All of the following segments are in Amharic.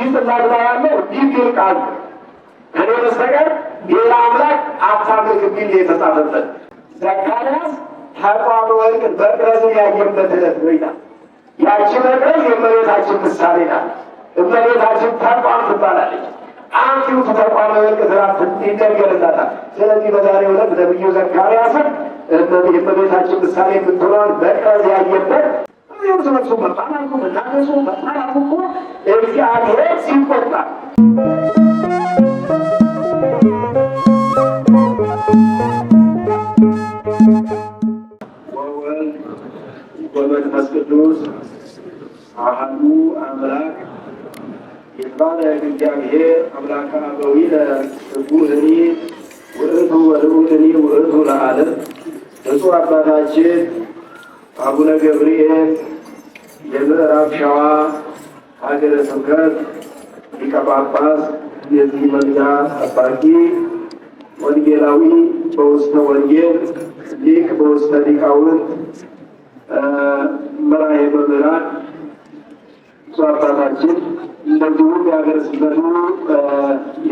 ዲስ እናግባ ያለው ዲቴል ቃል ከኔ በስተቀር ሌላ አምላክ አታምልክ የሚል የተጻፈበት ዘካርያስ ተቋመ ወርቅን መቅረዝን ያየበት ዕለት ነው ይላል። ያቺ መቅረዝ የእመቤታችን ምሳሌ ናት። እመቤታችን ተቋም ትባላለች። አንዲቱ ተቋመ ወርቅ ትላት ይነገርላታል። ስለዚህ በዛሬው ዕለት ነቢዩ ዘካርያስን የእመቤታችን ምሳሌ የምትሆነውን መቅረዝ ያየበት ሁሉም ሰዎች እግዚአብሔር ቅዱስ አሐዱ አምላክ ይባረ እግዚአብሔር አምላከ አበዊነ ርጉህኒ ውእቱ ወልዑልኒ ውእቱ ለዓለም ብፁዕ አባታችን አቡነ ገብርኤል የምዕራብ ሸዋ ሀገረ ስብከት ሊቀ ጳጳስ የዚህ መንጋ ጠባቂ ወንጌላዊ በውስተ ወንጌል ሊቅ በውስተ ሊቃውንት መራሄ መምህራን እሱ አባታችን እንደዚሁም የሀገረ ስብከቱ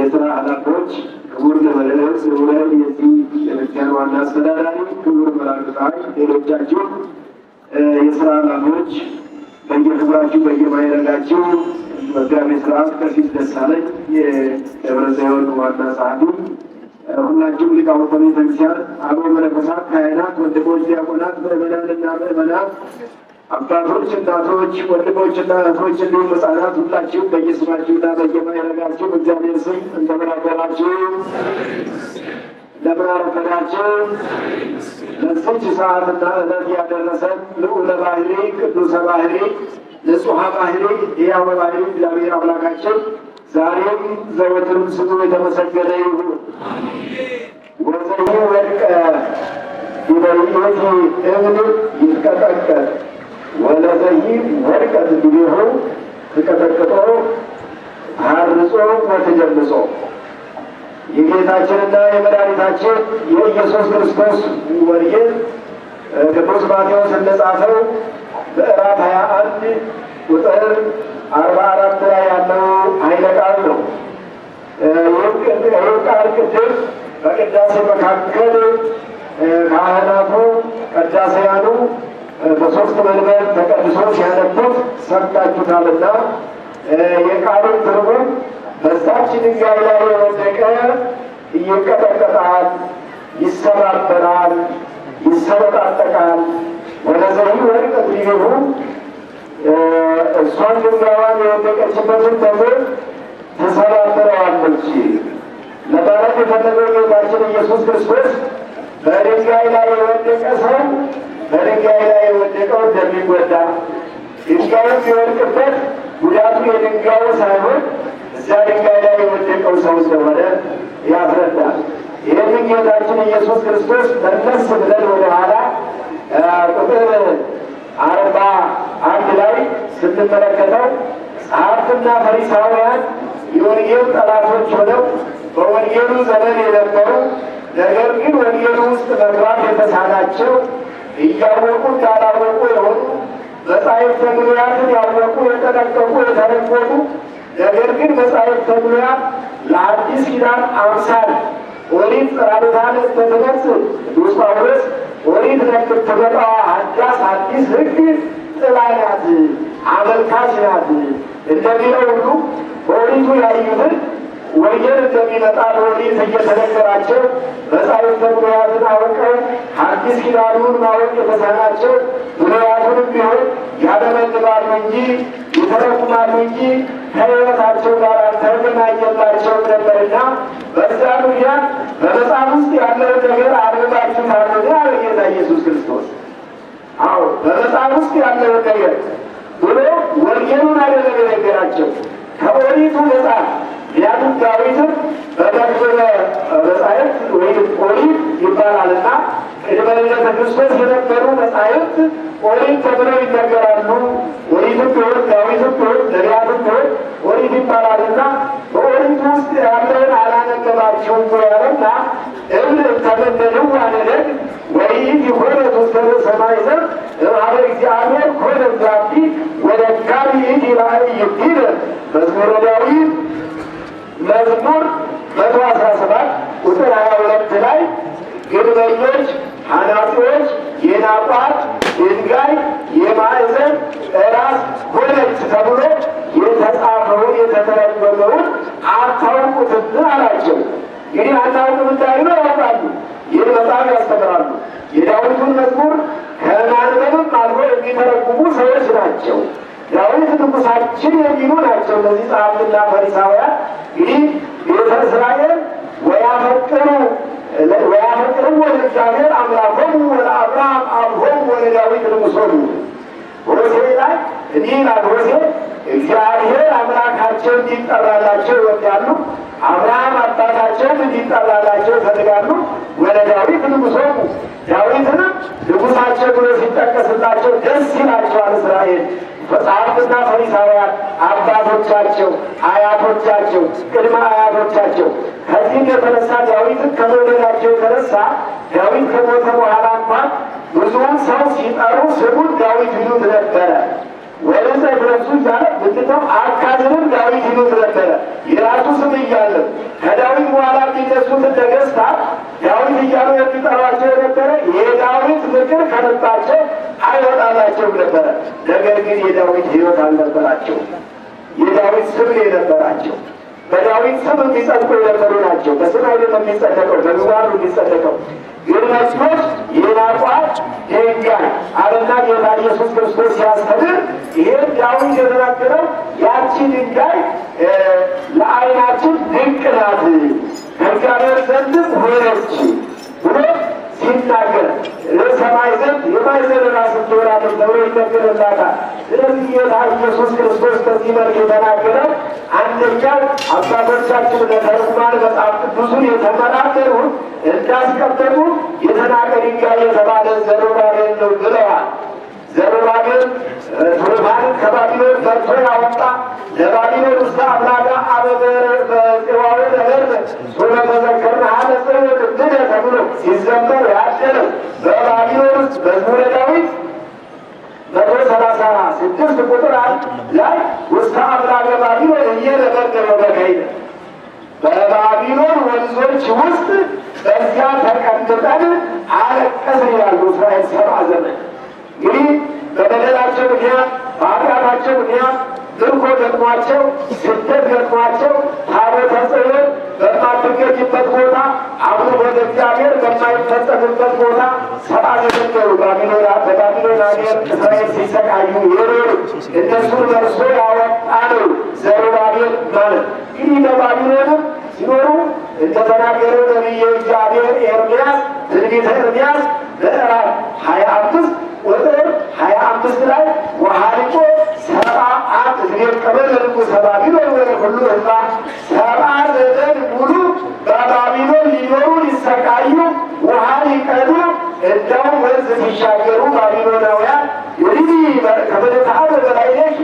የስራ ኃላፊዎች ክቡር ለመለስ ክቡር የዚህ ቤተክርስቲያን ዋና አስተዳዳሪ ክቡር መራግጣይ ሌሎቻችሁ የስራ ላሞች በየክብራችሁ በየማይረጋችሁ መጋቢ ስርዓት ከፊት ደሳለኝ የደብረ ዘይወርቅ ዋና ጸሐፊ፣ ሁላችሁም ሊቃውንተ ቤተክርስቲያን፣ አበ መነኮሳት፣ ካህናት፣ ወንድሞች ዲያቆናት፣ ምዕመናንና ምዕመናት፣ አባቶች እናቶች፣ ወንድሞች ወንድሞችና እህቶች እንዲሁም ሁላችሁ በየስማችሁ በየስማችሁና በየማይረጋችሁ እግዚአብሔር ስም እንደምን አደራችሁ። ለብርሃነ ፈዳቸ ለዚች ሰዓትና ዕለት ያደረሰን ልዑለ ባህሪ ቅዱሰ ባህሪ ንጹሐ ባህሪ ሕያው ባህሪ እግዚአብሔር አምላካችን ዛሬም ዘወትርም ስሙ የተመሰገነ ይሁን። ወዘይ ወድቀ ዲበይት እምን ይትቀጠቀጥ ወለዘይ ወድቀት ዲቤሁ ተቀጠቅጦ ሀርጾ ወተጀምጾ የጌታችንና የመድኃኒታችን የኢየሱስ ክርስቶስ ወንጌል ቅዱስ ማቴዎስ እንደጻፈው ምዕራፍ ሀያ አንድ ቁጥር አርባ አራት ላይ ያለው ኃይለ ቃል ነው። ይህ ቃል ቅድም በቅዳሴ መካከል ካህናቱ ቅዳሴያኑ በሶስት መልመል ተቀድሶ ሲያነቡት ሰምታችሁታልና የቃሉን ትርጉም በዛች ድንጋይ ላይ የወደቀ ይቀጠቀጣል፣ ይሰባበራል፣ ይሰነጣጠቃል። ወደ ወርቅ ሊገቡ እሷን ድንጋዋን የወደቀችበትን ተምር ትሰባብረዋለች ለማለት የፈለገው ጌታችን ኢየሱስ ክርስቶስ በድንጋይ ላይ የወደቀ ሰው በድንጋይ ላይ የወደቀው እንደሚጎዳ ድንጋዩ የሚወድቅበት ጉዳቱ የድንጋዩ ሳይሆን እዚያ ድንጋይ ላይ የወደቀው ሰው ስለሆነ ያስረዳል። ይህን ጌታችን ኢየሱስ ክርስቶስ መለስ ብለን ወደኋላ ቁጥር አርባ አንድ ላይ ስትመለከተው ጸሐፍትና ፈሪሳውያን የወንጌል ጠላቶች ሆነው በወንጌሉ ዘመን የነበሩ ነገር ግን ወንጌሉ ውስጥ መግባት የተሳናቸው እያወቁ እንዳላወቁ የሆኑ መጻሕፍተ ብሉያትን ያወቁ፣ የጠነቀቁ፣ የተረጎሙ ነገር ግን መጽሐፍ ተብሎያ ለአዲስ ኪዳን አምሳል ኦሪት ራዶታን ተተገጽ ቅዱስ ጳውሎስ ኦሪት ነክር ተገጣ አዳስ አዲስ ህግ ጥላያት ናት፣ አመልካች ናት እንደሚለው ሁሉ በኦሪቱ ያዩትን ወንጀል እንደሚመጣ በኦሪት እየተነገራቸው መጻሕፍተ ብሉያትን አውቀው አዲስ ኪዳኑን ማወቅ የተሳናቸው ብሉያቱንም ቢሆን ያደመልማሉ እንጂ ይተረጉማሉ እንጂ ከሕይወታቸው ጋር አልተገናኘላቸውም ነበርና በዚያ ምክንያት በመጽሐፍ ውስጥ ያለውን ነገር አድርጋችሁ ታደገ አለ ጌታ ኢየሱስ ክርስቶስ። አዎ በመጽሐፍ ውስጥ ያለውን ነገር ብሎ ወንጌሉን አይደለም የነገራቸው ከኦሪቱ መጽሐፍ ያቱም ዳዊትም በተክለ መጻሕፍት ወይም ኦሪት ይባላልና ቅድመ ልደተ ክርስቶስ የነበሩ መጻሕፍት ኦሪት ተብለው ይነገራሉ። ኦሪትም ትሁን ዳዊትም ትሁን ነቢያትም ትሁን ኦሪት ይባላልና በኦሪት ውስጥ ያለውን አላነገባችሁም እኮ ያለና እብል ተመደሉ አደደግ ወይ ይሆነ ተወሰነ ሰማይ ዘር ለማህበ እግዚአብሔር ኮነ ዛፊ ወደ ካሪ ይድ ራእይ ይብር መዝሙረ ዳዊት መዝሙር መቶ አስራ ሰባት ቁጥር ሀያ ሁለት ላይ ግንበኞች፣ አናጢዎች፣ የናቋት ድንጋይ የማዕዘን ራስ ሆነች ተብሎ የተጻፈውን የተተረጎመውን አታውቁትም አላቸው። እንግዲህ አታውቁም ነው ያውቃሉ። ይህን መጽሐፍ ያስተምራሉ። የዳዊቱን መዝሙር ከማንበብም አልፎ የሚተረጉሙ ሰዎች ናቸው። ዳዊት ንጉሳችን የሚሉ ናቸው። እነዚህ ጸሐፍትና ፈሪሳውያን እንግዲህ ቤተ እስራኤል ወያፈቅሩ ወለእግዚአብሔር አምላኮሙ ወለአብርሃም አብሆሙ ወለዳዊት ንጉሶሙ ሆሴ ላይ እንዲህ ይላል ሆሴ እግዚአብሔር አምላካቸው እንዲጠራላቸው ይወዳሉ። አብርሃም አባታቸው እንዲጠራላቸው ይፈልጋሉ። ወለዳዊት ንጉሶሙ ዳዊትንም ንጉሳቸው ብሎ ሲጠቀስላቸው ደስ ይላቸዋል እስራኤል መጽሐፍትና ፈሪሳውያን አባቶቻቸው፣ አያቶቻቸው፣ ቅድመ አያቶቻቸው ከዚህም የተነሳ ዳዊት ከመውደዳቸው የተነሳ ዳዊት ከሞተ በኋላ እንኳን ብዙውን ሰው ሲጠሩ ስሙን ዳዊት ይሉት ነበረ። ወለዘ ብረሱ እያለ ብትተው አካዝንም ዳዊት ይሉት ነበረ። የራሱ ስም እያለ ከዳዊት በኋላ የሚነሱትን ነገሥታት ዳዊት እያሉ የሚጠሯቸው የነበረ የዳዊት ምክር ከመጣቸው አይወጣላቸውም ነበረ። ነገር ግን የዳዊት ህይወት አልነበራቸው። የዳዊት ስብል የነበራቸው በዳዊት ስም የሚጸድቁ የነበሩ ናቸው። በስም አይደለም የሚጸደቀው፣ በምግባር የሚጸደቀው ግን የናቋት ደንጋይ አለና ጌታ ኢየሱስ ክርስቶስ ሲያስተምር ይህን ዳዊት የተናገረው ያቺ ድንጋይ ለአይናችን ድንቅ ናት፣ በእግዚአብሔር ዘንድም ሆነች ብሎ ሲታገል ለሰማይ ዘንድ የማይዘለላ ስትሆን ተብሎ ይነገርላታል። ስለዚህ ጌታ ኢየሱስ ክርስቶስ ከዚህ መልክ የተናገረው አንደኛው አባቶቻችን ለተርጓን መጽሐፍ ቅዱሱን የተመራመሩ እንዳስቀመጡ የተናቀ ድንጋይ የተባለ ዘሩባቤል ነው ብለዋል። ዘሩባቤል ቱርባን ከባቢሎን ፈርሶን አወጣ። ለባቢሎን ውስተ አምላከ አበ በጽዋዌ ለበርበ ወለመዘከርነ ሀለ ጽዮን ተብሎ ሲዘመር ያደረው በባቢሎን ውስጥ መዝሙረ ዳዊት መቶ ሰላሳ ስድስት ቁጥር ላይ ውስተ አምላከ ባቢሎን እየተበደበ በከይደ በባቢሎን ወንዞች ውስጥ በዚያ ተቀምጠን አለቀስን ያሉ እስራኤል ሰባ ዘመን እንግዲህ በበደላቸው ምክንያት በኃጢአታቸው ምክንያት ምርኮ ገጥሟቸው ስደት ገጥሟቸው ታቦተ ጽዮን በማትገኝበት ቦታ አሁን ወደ እግዚአብሔር በማይፈጸምበት ቦታ ሰባ ዘመን ነው በባቢሎን ሀገር እስራኤል ሲሰቃዩ የኖሩ እነሱን መልሶ ያወጣ ነው ዘሩባቤል ማለት እንግዲህ በባቢሎንም ሲኖሩ እንደተናገረው ነቢየ እግዚአብሔር ኤርምያስ ትንቢተ ኤርምያስ ምዕራፍ ሀያ አምስት ቁጥር ሀያ አምስት ላይ ወሀልቆ ሰብአ አት እግዜር ቀበለ ርቁ ሰባቢሎን ወለኩሉ ሕዝባ ሰብአ ዘጠኝ ሙሉ በባቢሎን ሊኖሩ ሊሰቃዩ ውሃ ሊቀዱ እንዳው ወንዝ ሲሻገሩ ባቢሎናውያን ወዲህ ከበለተሀዘ በላይነሽ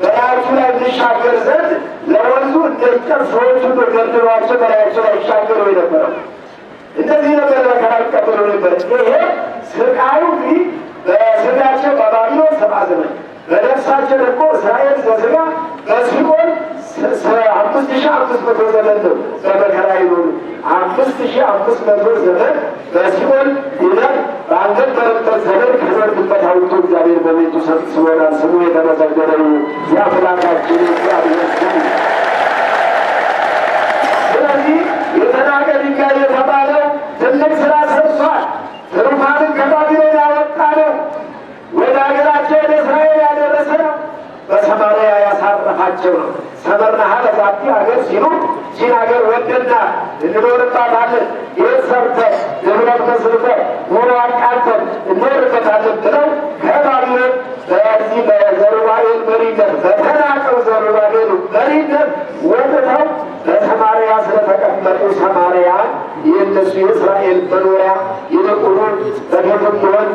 በላያችሁ ላይ እንሻገር ዘንድ ለወንዙ እንደ ሰዎቹ በገድሏቸው በላያቸው ላይ ይሻገሩ የነበረው እንደዚህ ነገር መከራ ይቀበሉ ነበር። ይሄ ስቃዩ እንግዲህ በስጋቸው በባቢሎን ሰባ ዘመን በነፍሳቸው ደግሞ እስራኤል ዘስጋ በሲኦል አምስት ሺህ አምስት መቶ ዘመን ነው በመከራ ይኖሩ። አምስት ሺህ አምስት መቶ ዘመን በሲኦል ይነት በአንገት ዘመን ከዘርግበት አውጥቶ እግዚአብሔር በቤቱ ሰጥ ስሙ የተመሰገነ የአምላካችን እግዚአብሔር ስለዚህ የተናቀ ድንጋይ የተባለው ትልቅ ስራ ሰርቷል። ትሩፋት መሆናቸው ነው። ሰበርናሃ ለዛቲ ሀገር ሲሉ ይህን ሀገር ወደና እንኖርባታለን፣ ይህን ሰርተ ንብረት መስርተ ኑሮ አቃተን እንኖርበታለን ብለው ከባቢነት በዚህ በዘሩባቤል መሪነት በተናቀው ዘሩባቤል መሪነት ወጥተው በሰማርያ ስለተቀመጡ ሰማርያ የእነሱ የእስራኤል መኖሪያ ይልቁኑ በገፍም ቢሆን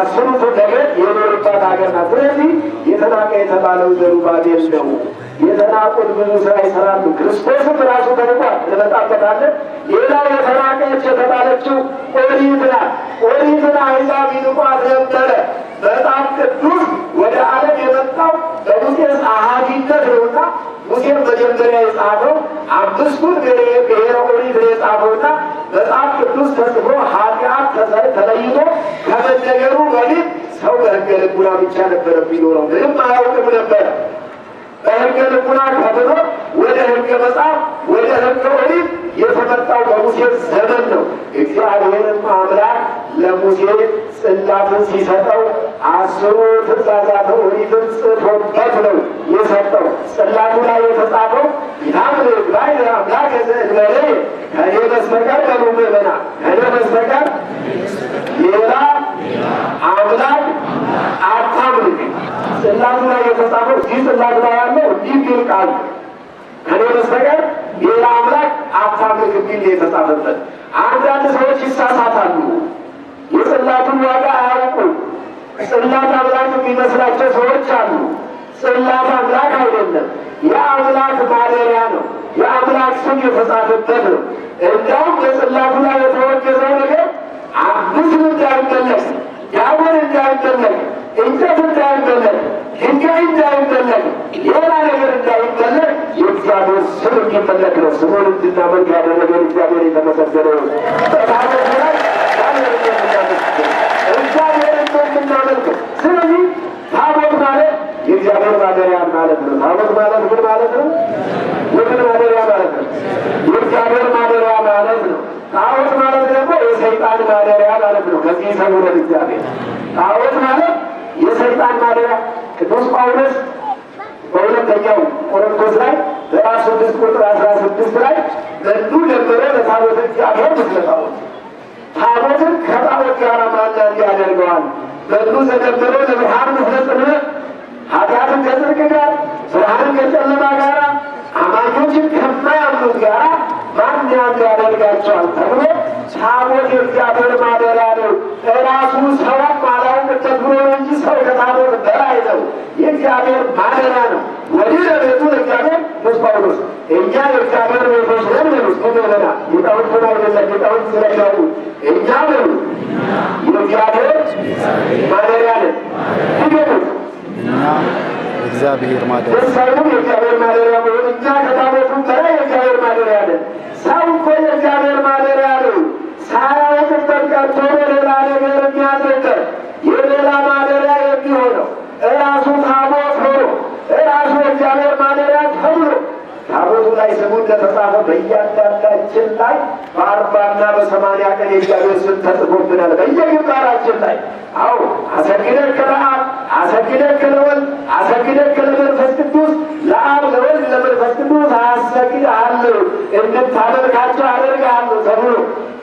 አስሩ ነገድ የኖሩባት ሀገር ናት። ስለዚህ የተናቀ የተባለው ዘሩባቤል ነው። የተናቁን ብዙ ስራ ይሰራሉ። ክርስቶስም ራሱ ተንቋል እንመጣበታለን። ሌላ የተናቀች የተባለችው ኦሪት ናት። ኦሪትን አሕዛብ ይንቋት ነበረ። በጣም ቅዱስ ወደ ዓለም የመጣው በሙሴ ጸሐፊነት ነውና ሙሴን መጀመሪያ የጻፈው አምስቱን ብሔረ ኦሪት የጻፈውና በጣም ቅዱስ ተጽፎ ኃጢአት ተለይቶ ከመነገሩ በፊት ሰው በህገ ልቡና ብቻ ነበረ የሚኖረው ምንም አያውቅም ነበረ። በህገ ልቡና ከተኖ ወደ ህገ መጽሐፍ ወደ ህገ ኦሪት የተመጣው በሙሴ ዘመን ነው። እግዚአብሔርም አምላክ ለሙሴ ጽላትን ሲሰጠው አስሩ ትእዛዛት ኦሪትን ጽፎበት ነው የሰጠው። ጽላቱ ላይ የተጻፈው ይታምን ባይ አምላክ ዘእንበሌ ከኔ በስተቀር በሉ ምዕመና ከኔ በስተቀር ሌላ አምላክ አታምልክ ጽላት ላይ የተጻፈው እዚህ ጽላት ላይ ያለው እንዲህ ሚል ቃል ከኔ በስተቀር ሌላ አምላክ አታምልክ የሚል የተጻፈበት። አንዳንድ ሰዎች ይሳሳታሉ። የጽላቱን ዋጋ አያውቁ ጽላት አምላክ የሚመስላቸው ሰዎች አሉ። ጽላት አምላክ አይደለም። የአምላክ ማደሪያ ነው። የአምላክ ስም የተጻፈበት ነው። እንዳውም የጽላቱ ላይ የተወገዘው ነገር አምስት እንዳይመለስ፣ ዳቦን እንዳይመለስ፣ እንጨት እንዳይ እንዳይመለክ ድንጋይ እንዳይመለክ ሌላ ነገር እንዳይመለክ የእግዚአብሔር ስም እንዲመለክ ነው። ስሙን እንድናመልክ ያደረገን እግዚአብሔር የተመሰገነ ነው። እግዚአብሔር እንደምናመልክ ስለዚህ ታቦት ማለት የእግዚአብሔር ማደሪያ ማለት ነው። ታቦት ማለት ምን ማለት ነው? የምን ማደሪያ ማለት ነው? የእግዚአብሔር ማደሪያ ማለት ነው። ታቦት ማለት ደግሞ የሰይጣን ማደሪያ ማለት ነው። ከዚህ ሰውነት እግዚአብሔር ታቦት ማለት የሰይጣን ማደሪያ ቅዱስ ጳውሎስ በሁለተኛው ቆሮንቶስ ላይ በራሱ ስድስት ቁጥር አስራ ስድስት ላይ በሉ ነበረ ለታቦት እግዚአብሔር ምስለ ታቦትን ከጣዖት ጋር ማላት ያደርገዋል። በሉ ዘነበረ ለብርሃን ምስለ ጽልመት ኃጢአትን ከጽድቅ ጋር ብርሃንን ከጨለማ ጋራ አማኞችን ከማያምኑት ጋር ማን አንድ ያደርጋቸዋል ተብሎ ታቦት የእግዚአብሔር ማደሪያ ነው። እራሱ ሰውም አላውቅም ተብሎ እንጂ ሰው ከታቦት በላይ ነው። የእግዚአብሔር ማደሪያ ነው። ወዲህ ቤቱ እግዚአብሔር ቅዱስ ጳውሎስ እኛ የእግዚአብሔር ቤቶች ነን ብሉ ስገበና የጣውት ሆና ለ የጣውት ስለጋቡ እኛ ብሉ የእግዚአብሔር ማደሪያ ነን። እግዚአብሔር ማደሪያ የእግዚአብሔር ስም ተጽፎብናል በየግንባራችን ላይ። አዎ አሰግደን ከለአብ አሰግደን ከለወልድ አሰግደን ከለመንፈስ ቅዱስ ለአብ ለወልድ ለመንፈስ ቅዱስ አሰግድሃለሁ እንድታመልካቸው አደርግሃለሁ ተብሎ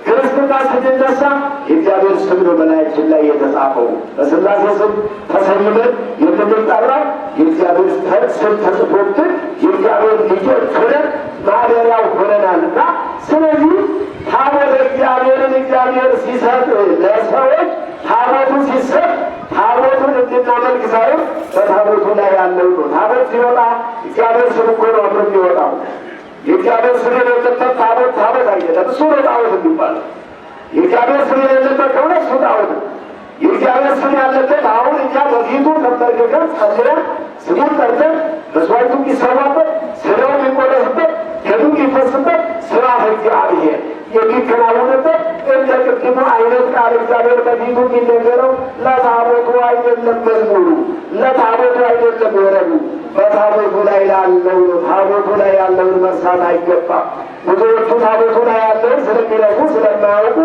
ክርስትና ስንነሳ የእግዚአብሔር ስም ነው በላያችን ላይ የተጻፈው። በስላሴ ስም ተሰይመን የምንጠራ የእግዚአብሔር ስም ተጽፎብን የእግዚአብሔር ልጆች ሆነን ማደሪያው ሆነናል እና ስለዚህ ታቦተ እግዚአብሔርን እግዚአብሔር ሲሰጥ ለሰዎች ታቦቱ ሲሰጥ ታቦቱን እንድናመልክ ሳይሆን በታቦቱ ላይ ያለው ነው። ታቦት ሲወጣ እግዚአብሔር ስም እኮ ነው አብሮ የሚወጣው። የእግዚአብሔር ስም የሌለበት ታቦት ታቦት አይደለም። እሱ ነው ጣዖት የሚባለው። የእግዚአብሔር ስም የሌለበት ከሆነ እሱ ጣዖት ነው። የእግዚአብሔር ስም ያለበት አሁን እኛ በፊቱ ተንበርክከን ጸልየን ስሙን ጠርተን መስዋዕቱ የሚሰዋበት ስራው የሚቆለፍበት ደሙ የሚፈስበት ስራ እግዚአብሔር የሚከናወንበት እንደ ቅድሙ አይነት ቃል እግዚአብሔር በፊቱ የሚነገረው ለታቦቱ አይደለም። መዝሙሩ ለታቦቱ አይደለም። ወረቡ በታቦቱ ላይ ላለው ታቦቱ ላይ ያለውን መሳት አይገባም። ብዙዎቹ ታቦቱ ላይ ያለውን ስለሚረሱ ስለማያውቁ፣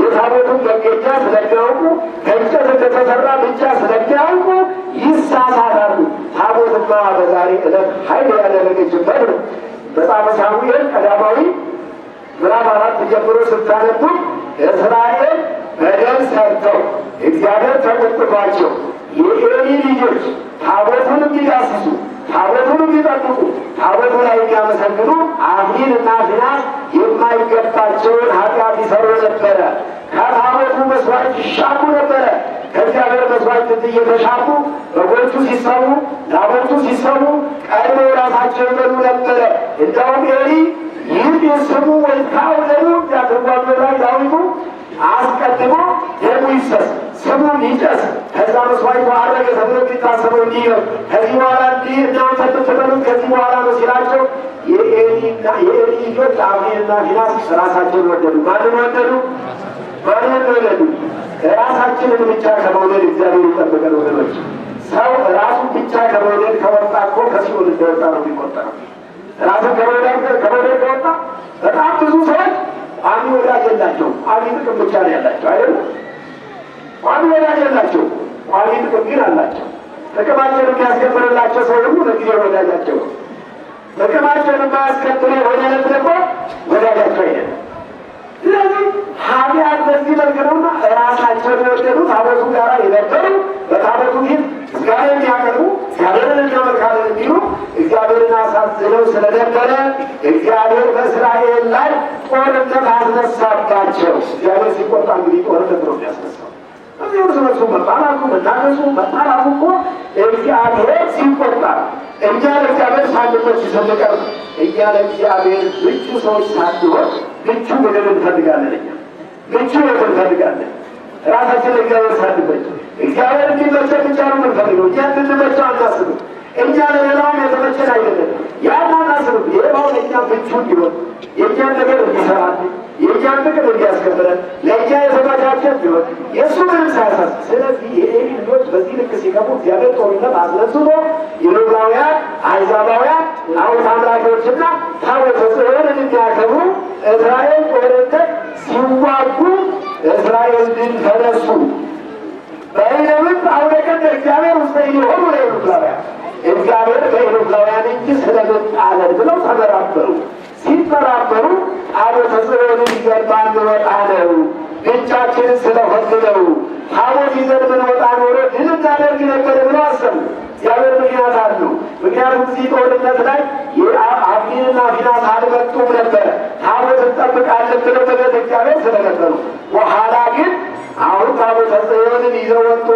የታቦቱን መገኛ ስለሚያውቁ፣ ከእንጨት እንደተሰራ ብቻ ስለሚያውቁ ይሳሳታሉ። ታቦትማ በዛሬ ዕለት ኃይል ያደረገችበት ነው። መጽሐፈ ሳሙኤል ቀዳማዊ ምዕራፍ አራት ጀምሮ እስራኤል በደል ሰርተው እግዚአብሔር ተቆጥቷቸው የኤሊ ልጆች ታቦቱን የሚዳስሱ ታቦቱን የሚጠብቁ ታቦቱ ላይ የሚያመሰግኑ አፍኒን እና ፊናስ የማይገባቸውን ኃጢአት ይሰሩ ነበረ። ከታቦቱ መስዋዕት ይሻሙ ነበረ። ከእግዚአብሔር መስዋዕት እየተሻሙ በጎቹ ሲሰሙ፣ ላሞቹ ሲሰሙ ቀድሞ ራሳቸው ይበሉ ነበረ። እንደውም ኤሊ ይህ ስሙ ወይ ካውለሉ ያተጓደራ ዳዊቱ አስቀድሞ ደሙ ይፈስ ስሙ ይጨስ ከዛ መስዋዕቱ አረገ ተብሎ የሚታሰበው እንዲህ ነው። ከዚህ በኋላ እንዲህ እናንተ የምትበሉት ከዚህ በኋላ ነው ሲላቸው የኤሊና የኤሊ ልጆች አብኔርና ፊናስ ራሳቸውን ወደዱ። ማንን ወደዱ? ማንን ወደዱ? ራሳችንን ብቻ ከመውደድ እግዚአብሔር ይጠብቀን ወገኖች። ሰው ራሱ ብቻ ከመውደድ ከወጣ እኮ ከሲኦል እንደወጣ ነው የሚቆጠረው። ራሱን ከመውደድ ከመውደድ ከወጣ በጣም ብዙ ሰዎች ቋሚ ወዳጅ የላቸው፣ ቋሚ ጥቅም ብቻ ነው ያላቸው አይደለም። ቋሚ ወዳጅ የላቸው፣ ቋሚ ጥቅም ግን አላቸው። ጥቅማቸውን የሚያስከብርላቸው ሰው ደግሞ ለጊዜ ወዳጃቸው ነው። ጥቅማቸውን የማያስከብር የሆነ ደግሞ ወዳጃቸው አይደለም። ስለዚህ ሀቢያት በዚህ መልክ ነውና ራሳቸውን የወደዱት ታቦቱ ጋራ የነበሩ በታበቱ ፊት እግዚአብሔር የሚያቀርቡ እግዚአብሔርን እናመልካለን እንዲሉ እግዚአብሔርን አሳዝነው ስለነበረ እግዚአብሔር በእስራኤል ላይ ጦርነት አስነሳባቸው። እግዚአብሔር ሲቆጣ እንግዲህ ጦርነት ነው የሚያስነሳው። እዚህ እርስ በርሱ መጣላቱ መናገሱ መጣላቱ እኮ እግዚአብሔር ሲቆጣ እኛ ለእግዚአብሔር ሳንመች ስንቀር እኛ ለእግዚአብሔር ምቹ ሰዎች ሳንሆን ምቹ ነገር እንፈልጋለን። እኛ ምቹ ነገር እንፈልጋለን። ራሳችን ለእግዚአብሔር ሳንበጅ እግዚአብሔር እንዲመቸው ብቻ ነው የምንፈልገው። እኛ እንድንመቸው አናስብም። እኛ ለሌላውም የተመቸን አይደለም። ያን አናስብም። ሌላው ለእኛ ምቹ እንዲሆን የእኛን ነገር እንዲሰራል፣ የእኛን ጥቅም እንዲያስከብረን፣ ለእኛ የተመቻቸ እንዲሆን የእሱ ምንም ሳያሳስብ። ስለዚህ የኤሊ ልጆች በዚህ ልክ ሲገቡ እግዚአብሔር ጦርነት አስነስቶ ይሁዳውያን፣ አሕዛባውያን፣ ጣዖት አምላኪዎችና ታቦተ ጽዮንን እንዲያከብሩ እስራኤል ጦርነት ሲዋጉ እስራኤል ግን ተነሱ በይነብም አውደቀን እግዚአብሔር ውስተ የሆኑ ለኢሮብላውያን እግዚአብሔር ከኢሮብላውያን እጅ ስለመጣለን ብለው ተመራመሩ። ሲመራመሩ አብዮተ ጽዮንን ይዘን ማንወጣ ነው ብቻችን ስለሆንነው ታቦት ይዘን ብንወጣ ኖሮ ድል እናደርግ ነበር ብለው አሰቡ። እግዚአብሔር ምክንያት አሉ። ምክንያቱም እዚህ ጦርነት ላይ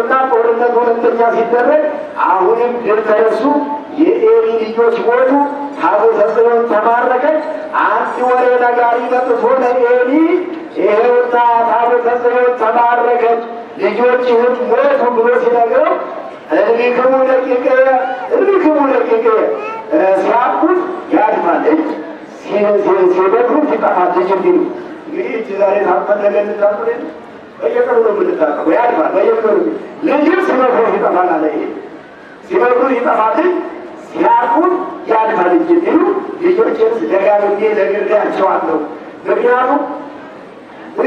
ተደርጎና ጦርነት ሁለተኛ ሲደረግ አሁንም ድል ተነሱ። የኤሊ ልጆች ሞቱ። ታቦተ ጽዮን ተማረከች። አንድ ወሬ ነጋሪ መጥቶ ለኤሊ ይሄውና ታቦተ ጽዮን ተማረከች፣ ልጆችህም ሞቱ ብሎ ሲነግረው እልክሙ ደቂቀ እልክሙ ደቂቀ ሲያኩት ያድማል እጅ ሲደክሩት ይጠፋል ልጅ እንዲሉ እንግዲህ እጅ ዛሬ ታመለገ ልታቁ በየቀኑ ነው የምንታቀበው። ያድፋል በየቀኑ ልጅም ሲመክሩ ይጠፋል አለ። ይሄ ሲመክሩ ይጠፋል፣ ሲያቁን ያድፋል እንጂ ሲሉ ልጆችን ደጋግሜ ነግሬያቸዋለሁ። ምክንያቱም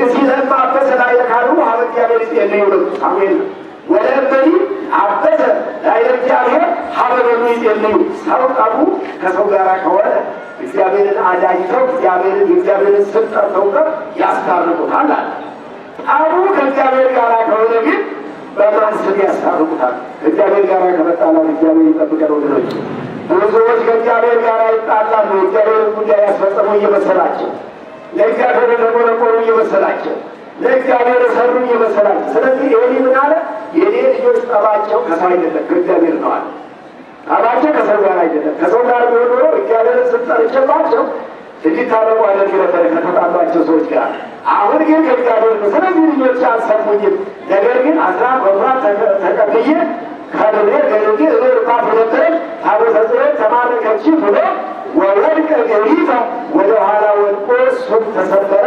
እዚህ ለማ አበሰ ላዕሌካሉ ሀበ እግዚአብሔር ይጼልዩ ነው ሳሙኤል ነው ወለበኒ አበሰ ላዕለ እግዚአብሔር ሀበ በኑ ይጼልዩ ሰው ቀሩ ከሰው ጋር ከሆነ እግዚአብሔርን አዳጅተው እግዚአብሔርን የእግዚአብሔርን ስም ጠርተው ያስታርቁታል አለ አቡ ከእግዚአብሔር ጋር ከሆነ ግን በማሰብ ያስታርቁታል። እግዚአብሔር ጋር ከመጣላት እግዚአብሔር ይጠብቀን ወገኖች። ብዙዎች ከእግዚአብሔር ጋር ይጣላሉ። እግዚአብሔር ጉዳይ ያስፈጸሙ እየመሰላቸው፣ ለእግዚአብሔር ለመረቆሩ እየመሰላቸው፣ ለእግዚአብሔር ሰሩ እየመሰላቸው። ስለዚህ ኤሊ ምን አለ? የኔ ልጆች ጠባቸው ከሰው አይደለም ከእግዚአብሔር ነው አለ። ጠባቸው ከሰው ጋር አይደለም። ከሰው ጋር ቢሆን ኖሮ እግዚአብሔርን ስልጣን ይቸባቸው እንዲታረቁ አደርግ ነበር ከተማ ይላል። አሁን ግን ከእግዚአብሔር ስለዚህ ልጆች አልሰሙኝም፣ ነገር ግን አስራ በኩራት ተቀብዬ ከድሬ ገድጌ ተማረከች ብሎ ወወድቀ ገሪፈ ወደ ኋላ ወድቆ እሱም ተሰበረ።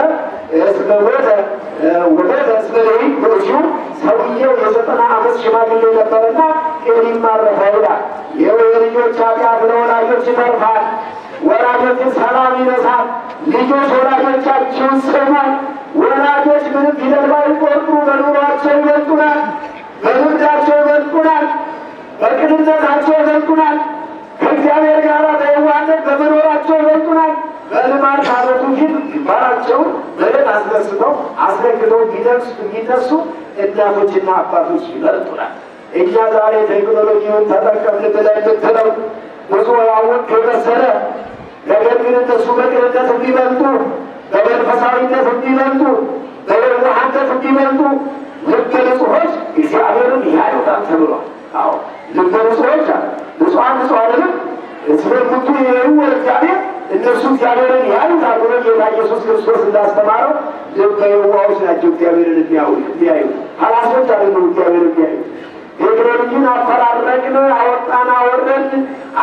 ሰውየው የዘጠና ሽማግሌ ነበረና ይላል። ኃጢአት ለወላጆች ይተርፋል። ወላጆች ሰላም ይነሳል። ልጆች ወላጆቻችሁን ስሙ። ወላጆች ምንም ይደልባይቆርጡ በኑሯቸው ይበልጡናል፣ በልምዳቸው ይበልጡናል፣ በቅንነታቸው ይበልጡናል፣ ከእግዚአብሔር ጋር በየዋህነት በመኖራቸው ይበልጡናል። በልማድ ካበቱ ፊት ግንባራቸውን በደት አስነስተው አስደግተው የሚነሱ እናቶችና አባቶች ይበልጡናል። እኛ ዛሬ ቴክኖሎጂውን ተጠቀምን ብለን የምትለው ብዙ ያወቅ ከመሰለ ነገር ግን እነሱ በቅንነት እንዲመጡ በመንፈሳዊነት እንዲመጡ በየዋህነት እንዲመጡ ልበ ንጹሖች እግዚአብሔርን ያዩታል ተብሏል። አዎ ልበ ንጹሖች አለ ንጹሐን ንጹሐንንም ስለምቱ የሩ እግዚአብሔር እነሱ እግዚአብሔርን ያዩታል ብሎ ጌታ ኢየሱስ ክርስቶስ እንዳስተማረው ልበ የዋሆች ናቸው እግዚአብሔርን የሚያዩ ኃላፊዎች አይደሉም እግዚአብሔርን የሚያዩ የግሮልጅን አፈራረቅን አወጣን አወረድ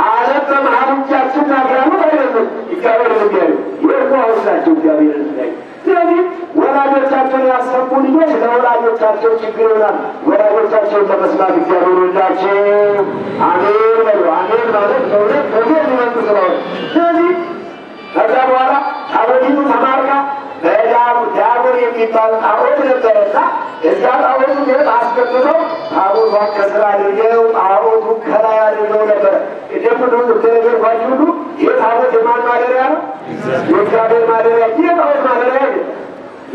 አለም በመሀል እጃችን ናግራሉ እግዚአብሔር የሚያዩ የዋሆች ናቸው፣ እግዚአብሔር የሚያዩ። ስለዚህ ወላጆቻቸውን ያሰቡ ልጆች ለወላጆቻቸው ችግር ይሆናል። ወላጆቻቸውን ለመስማት እግዚአብሔር ወላቸው አሜን በሉ። አሜን ማለት በእውነት በዚህ የሚመጡ ስለሆነ ስለዚህ ከዛ በኋላ ታበዲቱ ተማርካ ዳጉር የሚባል ጣዖት ነበረና እዛ ጣዖት ት አስገብቶ ጣዖቷን ከስር አድርገው ጣዖቱ ከላይ አድርገው ነበረ። እንደነገርኳችሁ ሁሉ ይህ ጣዖት የማን ማደሪያ ነው? የእግዚአብሔር ማደሪያ። ይህ ጣዖት ማደሪያ አይደለም፣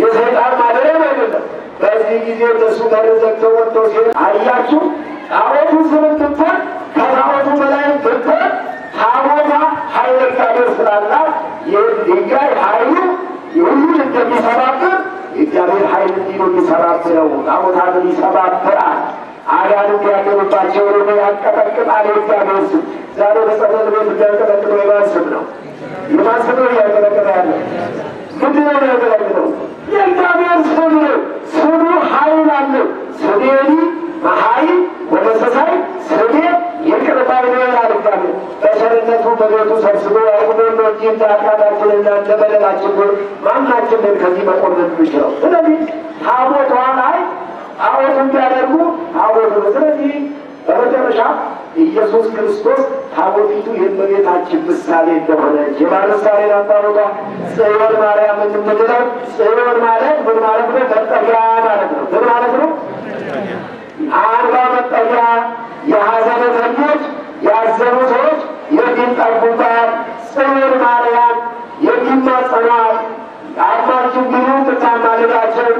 የሰይጣን ማደሪያ አይደለም። በዚህ ጊዜ እነሱ በር ዘግተው ሲሆን አያችሁ፣ ጣዖቱ ስምትንተን ከጣዖቱ በላይ ብትሆን ታቦታ ኃይለ እግዚአብሔር ስላላት የድንጋይ ኃይሉ የሁሉን እንደሚሰባብር የእግዚአብሔር ኃይል እንዲህ የሚሰባብረው። ጣዖታትን ይሰባብራል። የእግዚአብሔር ስም ዛሬ ቤት የማን ስም ነው? የማን ስም ነው ያለ ምንድን ነው የእግዚአብሔር ስም ነው። ስሙ ኃይል አለው። ስሜኒ ስሜ ይቅርታዊ ይሆናል። እግዚአብሔር በቸርነቱ በቤቱ ሰብስቦ አቁሞ ነው እንጂ እንደ አካላችን እንደ በደላችን ሁሉ ማናችን ከዚህ መቆም የምንችለው። ስለዚህ ታቦቷ ላይ ጣዖት እንዲያደርጉ ታቦቱ ስለዚህ በመጨረሻ ኢየሱስ ክርስቶስ ታቦቲቱ የእመቤታችን ምሳሌ እንደሆነ የማን ምሳሌ ናት ጽዮን ማርያም የምትለው ጽዮን ማለት ምን ማለት ነው? መጠጊያ ማለት ነው። ምን ማለት ነው? ጠጉቷል። ጽምር ማርያም የሚማጸኗት አባችሁ ቢሉ ትታማልዳችን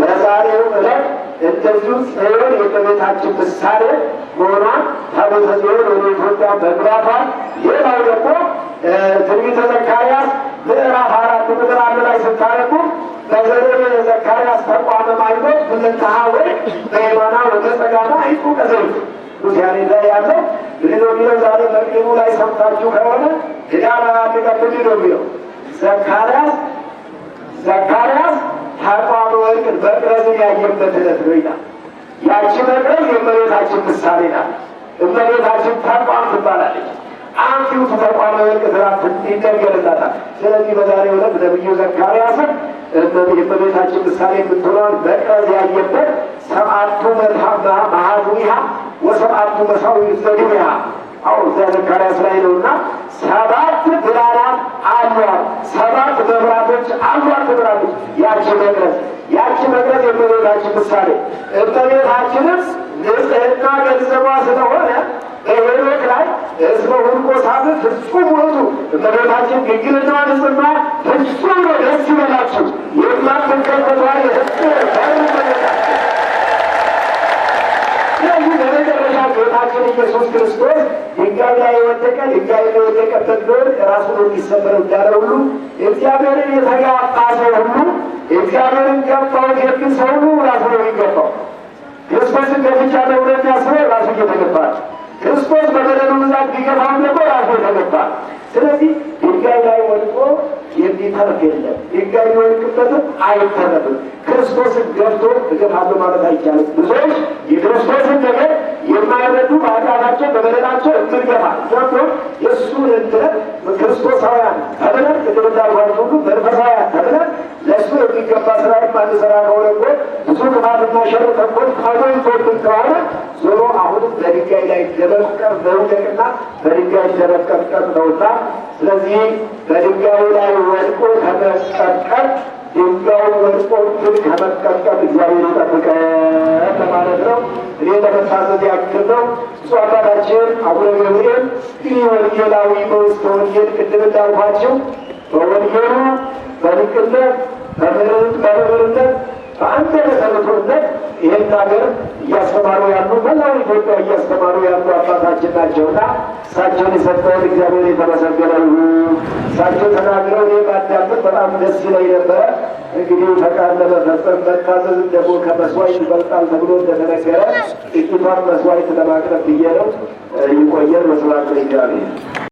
በዛሬው ዕለት እንደዚሁ ጽዮን የእመቤታችን ምሳሌ መሆኗን ታቦተ ጽዮን ወደ ኢትዮጵያ መግባቷል። ሌላው ደግሞ ትንቢተ ዘካርያስ ምዕራፍ አራት ቁጥር አንድ ላይ ስታረቁ በዘሬ ዘካርያስ ተቋመ ማይኖት ብልትሃ ወይ በየማና ወተጸጋና አይቁ ቀዘይቱ ውሳኔ ላይ ያለ ምንድን ነው የሚለው? ዛሬ መቅድሙ ላይ ሰምታችሁ ከሆነ ህዳር አንድ ቀን ነው የሚለው? ዘካርያስ ዘካርያስ ታቋሚ ወርቅን መቅረዝን ያየበት ዕለት ነው ይላል። ያቺ መቅረዝ የእመቤታችን ምሳሌ ናት። እመቤታችን ተቋም ትባላለች። አንዲቱ ተቋመ ወርቅ ስራ ይነገርላታል። ስለዚህ በዛሬ ዕለት ነቢዩ ዘካርያስን የእመቤታችን ምሳሌ የምትሆነዋል በቅረዝ ያየበት ሰብአቱ መሃዙያ ወሰብአቱ መሳዊት መድቢያ አሁ እዚያ ዘካርያስ ላይ ነው እና ሰባት ብርሃናት አሏት፣ ሰባት መብራቶች አሏት። መብራቶች ያቺ መቅረዝ ያቺ መቅረዝ የእመቤታችን ምሳሌ እመቤታችንስ ንጽህና ገንዘቧ ስለሆነ በህይወት ላይ ህዝበ ወድቆ ሳብ ፍጹም ወጡ እመቤታችን ድንግልና ንጽሕና ፍጹም ነው። ደስ ይበላችሁ የማትንቀበቷ የህስ ስለዚህ በመጨረሻ ጌታችን ኢየሱስ ክርስቶስ ድንጋይ ላይ የወደቀ ድንጋይ የወደቀበት ብር ራሱን እንዲሰበር እንዳለ ሁሉ እግዚአብሔርን የተጋፋ ሰው ሁሉ እግዚአብሔርን ገባው ገብ ሰው ሁሉ ራሱ ነው የሚገባው። ክርስቶስን ገፍቻለሁ ብሎ የሚያስበው ራሱ እየተገባ ነው። ክርስቶስ በበደሉ ብዛት ቢገፋም ደግሞ ራሱ የተገባ ስለዚህ ድንጋይ ላይ ወድቆ የሚተርፍ የለም። ድንጋይ ቢወድቅበትም አይተረፍም። ክርስቶስን ገብቶ እገፋለሁ ማለት አይቻልም። ብዙዎች የክርስቶስን ነገር የማይረዱ በኃጢአታቸው በበደላቸው እንገፋ ቶ የእሱን እንትረት ክርስቶሳውያን ተብለን እንደምናልኳት ሁሉ መንፈሳውያን ተብለን ለእሱ የሚገባ ስራ የማንሰራ ከሆነ እኮ ብዙ ክፋትና ሸር ተንኮል ፈቶ ይጎድን ከሆነ ዞሮ አሁንም በድንጋይ ላይ ለመፍቀር መውደቅና በድንጋይ ለመቀጥቀጥ ነውና ስለዚህ በድንጋዩ ላይ ወድቆ ከመቀጥቀጥ ድንጋዩ ወድቆ ግን ከመቀጥቀጥ እግዚአብሔር ይጠብቀ ለማለት ነው። እኔ ለመታዘዝ ያክል ነው። እሱ አባታችን አቡነ ገብርኤል እንግዲህ ወንጌላዊ በውስጥ ወንጌል ቅድም እንዳልኳቸው በወንጌሉ በድቅነት በምርምነት በምርምነት በአንድ መሰረቶነት ይህን ሀገር እያስተማሩ ያሉ መላው ኢትዮጵያ እያስተማሩ ያሉ አባታችን ናቸው ናቸውና እሳቸውን የሰጠውን እግዚአብሔር የተመሰገነ ይሁን። እሳቸው ተናግረው ይህ ባዳምጥ በጣም ደስ ይለኝ ነበረ። እንግዲህ ፈቃድ ለመፈጸም መታዘዝ ደግሞ ከመስዋዕት ይበልጣል ተብሎ እንደተነገረ ጥቂቷን መስዋዕት ለማቅረብ ብዬ ነው። ይቆየን። መስዋዕት ነው ይጋቤ